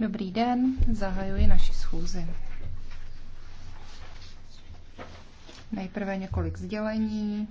Dobrý den, zahajuji naši schůzi. Nejprve několik sdělení.